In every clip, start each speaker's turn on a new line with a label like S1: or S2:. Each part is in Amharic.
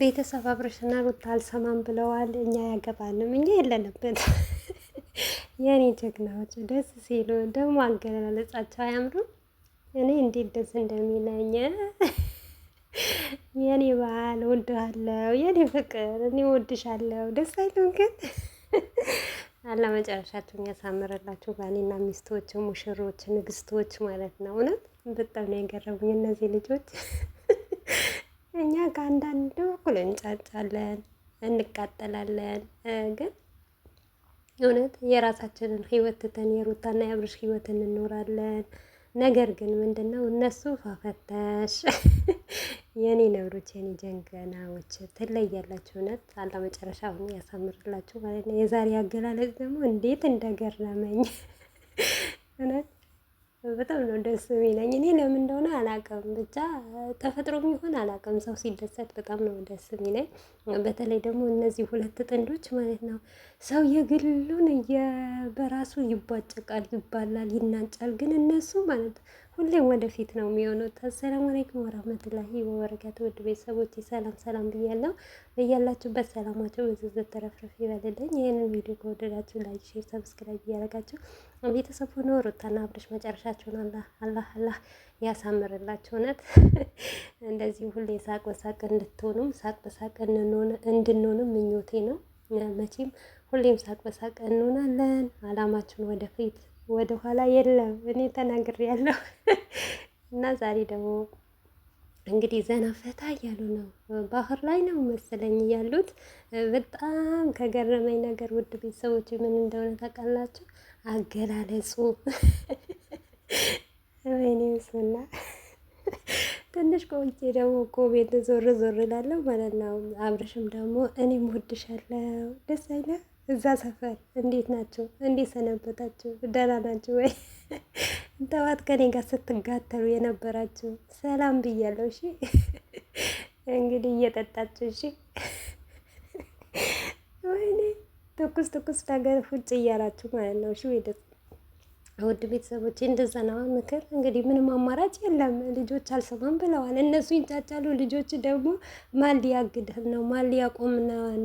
S1: ቤተሰብ አብረሽና ሩታ አልሰማም ብለዋል። እኛ ያገባንም እኛ የለንበት። የኔ ጀግናዎች ደስ ሲሉ ደግሞ አገላለጻቸው አያምሩም። እኔ እንዴት ደስ እንደሚለኝ የኔ ባህል ወድሃለው፣ የኔ ፍቅር እኔ ወድሻለው። ደስ አይሉም ግን አላ መጨረሻቸውን ያሳምረላችሁ። ባሌና ሚስቶች፣ ሙሽሮች፣ ንግስቶች ማለት ነው። እውነት በጣም ነው የገረሙኝ እነዚህ ልጆች። እኛ ጋር ከአንዳንድ በኩል እንጫጫለን፣ እንቃጠላለን። ግን እውነት የራሳችንን ህይወት ትተን የሩታና የአብርሽ ህይወት እንኖራለን። ነገር ግን ምንድን ነው እነሱ ፋፈተሽ የኔ ነብሮች፣ የኔ ጀንገናዎች ትለያላችሁ። እውነት አላ መጨረሻ አሁን ያሳምርላችሁ ማለት ነው። የዛሬ አገላለጽ ደግሞ እንዴት እንደገረመኝ እውነት በጣም ነው ደስ የሚለኝ። እኔ ለምን እንደሆነ አላውቅም፣ ብቻ ተፈጥሮ የሚሆን አላውቅም። ሰው ሲደሰት በጣም ነው ደስ የሚለኝ። በተለይ ደግሞ እነዚህ ሁለት ጥንዶች ማለት ነው። ሰው የግሉን በራሱ ይቧጨቃል፣ ይባላል፣ ይናጫል። ግን እነሱ ማለት ሁሌም ወደፊት ነው የሚሆነው። አሰላሙ አለይኩም ወራህመቱላሂ ወበረካቱ። ውድ ቤተሰቦች ሰላም ሰላም ብያለሁ። በያላችሁበት ሰላማቸው በዝዝት ተረፍረፍ ይበልልኝ። ይህንን ቪዲዮ ከወደዳችሁ ላይክ፣ ሼር፣ ሰብስክራይብ እያደረጋችሁ ቤተሰቡ ሆኖ ሩታና አብርሽ መጨረሻችሁን አላህ አላህ አላህ ያሳምርላችሁ። እውነት እንደዚህ ሁሌ ሳቅ በሳቅ እንድትሆኑም ሳቅ በሳቅ እንድንሆንም ምኞቴ ነው። መቼም ሁሌም ሳቅ በሳቅ እንሆናለን። አላማችሁን ወደፊት ወደ ኋላ የለም። እኔ ያለው እና ዛሬ ደግሞ እንግዲህ ዘና ፈታ እያሉ ነው። ባህር ላይ ነው መሰለኝ ያሉት። በጣም ከገረመኝ ነገር ውድ ቤተሰቦች ምን እንደሆነ ታውቃላችሁ? አገላለጹ ወይኔ ስና ትንሽ ቆይቼ ደግሞ ኮሜንት ዞር ዞር እላለሁ ማለት ነው። አብረሽም ደግሞ እኔም ወድሻለሁ ደስ አይለ እዛ ሰፈር እንዴት ናቸው? እንዴት ሰነበታችሁ? ደህና ናቸው ወይ? ጠዋት ከኔ ጋር ስትጋተሉ የነበራችሁ ሰላም ብያለሁ። እሺ እንግዲህ እየጠጣችሁ እሺ። ወይኔ ትኩስ ትኩስ ነገር ፉጭ እያላችሁ ማለት ነው። እሺ ውድ ቤተሰቦች እንደዛ ነው ምክር። እንግዲህ ምንም አማራጭ የለም። ልጆች አልሰማም ብለዋል። እነሱ ይንጫጫሉ፣ ልጆች ደግሞ ማን ሊያግድህ ነው? ማን ሊያቆም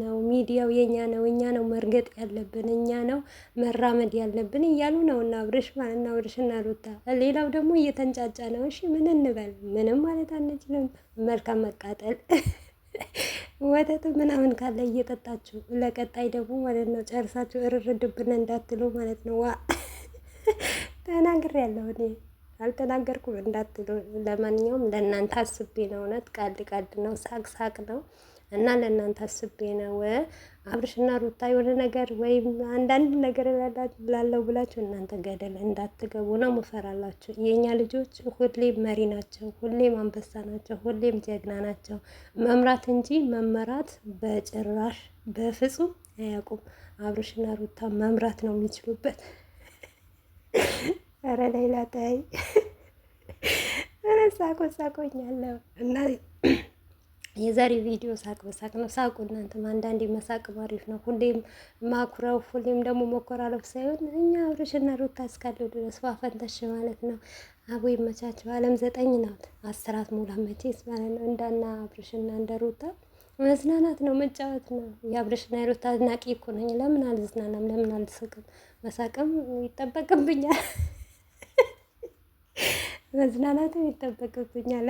S1: ነው? ሚዲያው የኛ ነው፣ እኛ ነው መርገጥ ያለብን፣ እኛ ነው መራመድ ያለብን እያሉ ነው። እና ብርሽ ማለትና ብርሽና ሩታ፣ ሌላው ደግሞ እየተንጫጫ ነው። እሺ ምን እንበል? ምንም ማለት አንችልም። መልካም መቃጠል ወተት ምናምን ካለ እየጠጣችሁ ለቀጣይ ደግሞ ማለት ነው ጨርሳችሁ እርርድብን እንዳትሉ ማለት ነው ዋ ተናግር ያለው እኔ አልተናገርኩም እንዳትሉ። ለማንኛውም ለእናንተ አስቤ ነው። እውነት ቀልድ ቀልድ ነው፣ ሳቅ ሳቅ ነው እና ለእናንተ አስቤ ነው። አብርሽና ሩታ የሆነ ነገር ወይም አንዳንድ ነገር ላለው ብላችሁ እናንተ ገደል እንዳትገቡ ነው ምፈራላችሁ። የእኛ ልጆች ሁሌም መሪ ናቸው፣ ሁሌም አንበሳ ናቸው፣ ሁሌም ጀግና ናቸው። መምራት እንጂ መመራት በጭራሽ በፍጹም አያውቁም። አብርሽና ሩታ መምራት ነው የሚችሉበት። ኧረ ሌላ ታይ ኧረ ሳቆ ሳቆኛለሁ እና የዛሬ ቪዲዮ ሳቅ በሳቅ ነው። ሳቁ እናንተም አንዳንዴ መሳቅ አሪፍ ነው። ሁሌም ማኩረው ሁሌም ደግሞ መኮራረፍ ሳይሆን እኛ አብረሽና ሩታ እስካለው ድረስ ፋፈንተሽ ማለት ነው። አቦ ይመቻቸው። አለም ዘጠኝ ናት አስራት ሙላ መቼስ ማለት ነው። እንዳና አብርሽና እንደ ሩታ መዝናናት ነው መጫወት ነው። የአብረሽና የሩታ አድናቂ እኮ ነኝ። ለምን አልዝናናም? ለምን አልስቅም? መሳቅም ይጠበቅብኛል። መዝናናትም ይጠበቅብኛል።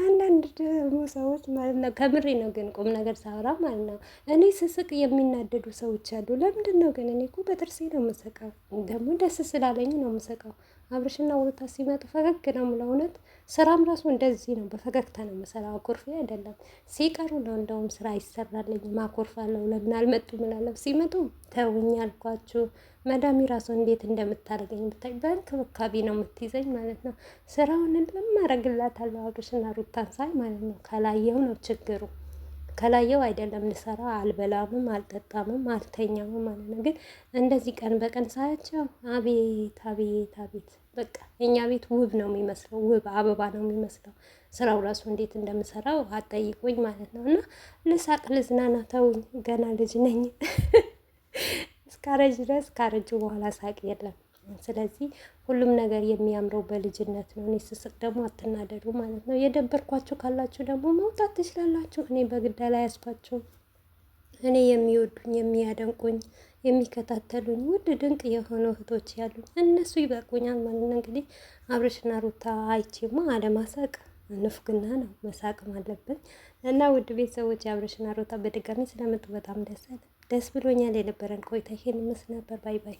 S1: አንዳንድ ደግሞ ሰዎች ማለት ነው፣ ከምሬ ነው ግን ቁም ነገር ሳወራ ማለት ነው። እኔ ስስቅ የሚናደዱ ሰዎች አሉ። ለምንድን ነው ግን? እኔ እኮ በጥርሴ ነው የምስቀው፣ ደግሞ ደስ ስላለኝ ነው የምስቀው። አብርሽና ውሩታ ሲመጡ ፈገግ ነው የምለው። እውነት ስራም ራሱ እንደዚህ ነው፣ በፈገግታ ነው የምሰራው። አኮርፌ አይደለም። ሲቀሩ ነው እንደውም ስራ ይሰራልኝ አኮርፋለሁ። ለምን አልመጡ ምናለው። ሲመጡ ተውኝ አልኳችሁ። መዳሚ ራሱ እንዴት እንደምታደርገኝ ብታይ፣ በእንክብካቤ ነው የምትይዘኝ ማለት ነው። ስራውን እንደማረግላታለሁ አብርሽና ሩታን ሳይ ማለት ነው። ከላየው ነው ችግሩ ከላየው አይደለም ንሰራ አልበላምም፣ አልጠጣምም፣ አልተኛምም ማለት ነው። ግን እንደዚህ ቀን በቀን ሳያቸው አቤት አቤት አቤት በቃ የእኛ ቤት ውብ ነው የሚመስለው፣ ውብ አበባ ነው የሚመስለው። ስራው ራሱ እንዴት እንደምሰራው አጠይቁኝ ማለት ነው። እና ልሳቅ፣ ልዝናና፣ ተውኝ፣ ገና ልጅ ነኝ። እስካረጅ ድረስ ካረጅ በኋላ ሳቅ የለም። ስለዚህ ሁሉም ነገር የሚያምረው በልጅነት ነው። እኔ ስስቅ ደግሞ አትናደዱ ማለት ነው። የደበርኳችሁ ካላችሁ ደግሞ መውጣት ትችላላችሁ። እኔ በግዳ ላይ አያስባችሁም። እኔ የሚወዱኝ የሚያደንቁኝ የሚከታተሉኝ ውድ ድንቅ የሆኑ እህቶች ያሉኝ እነሱ ይበቁኛል ማለት ነው። እንግዲህ አብርሽና ሩታ አይቼማ አለማሳቅ ንፍግና ነው፣ መሳቅም አለብን እና ውድ ቤተሰቦች የአብርሽና ሩታ በድጋሚ ስለመጡ በጣም ደስ ደስ ብሎኛል። የነበረን ቆይታ ይሄን ምስ ነበር። ባይ ባይ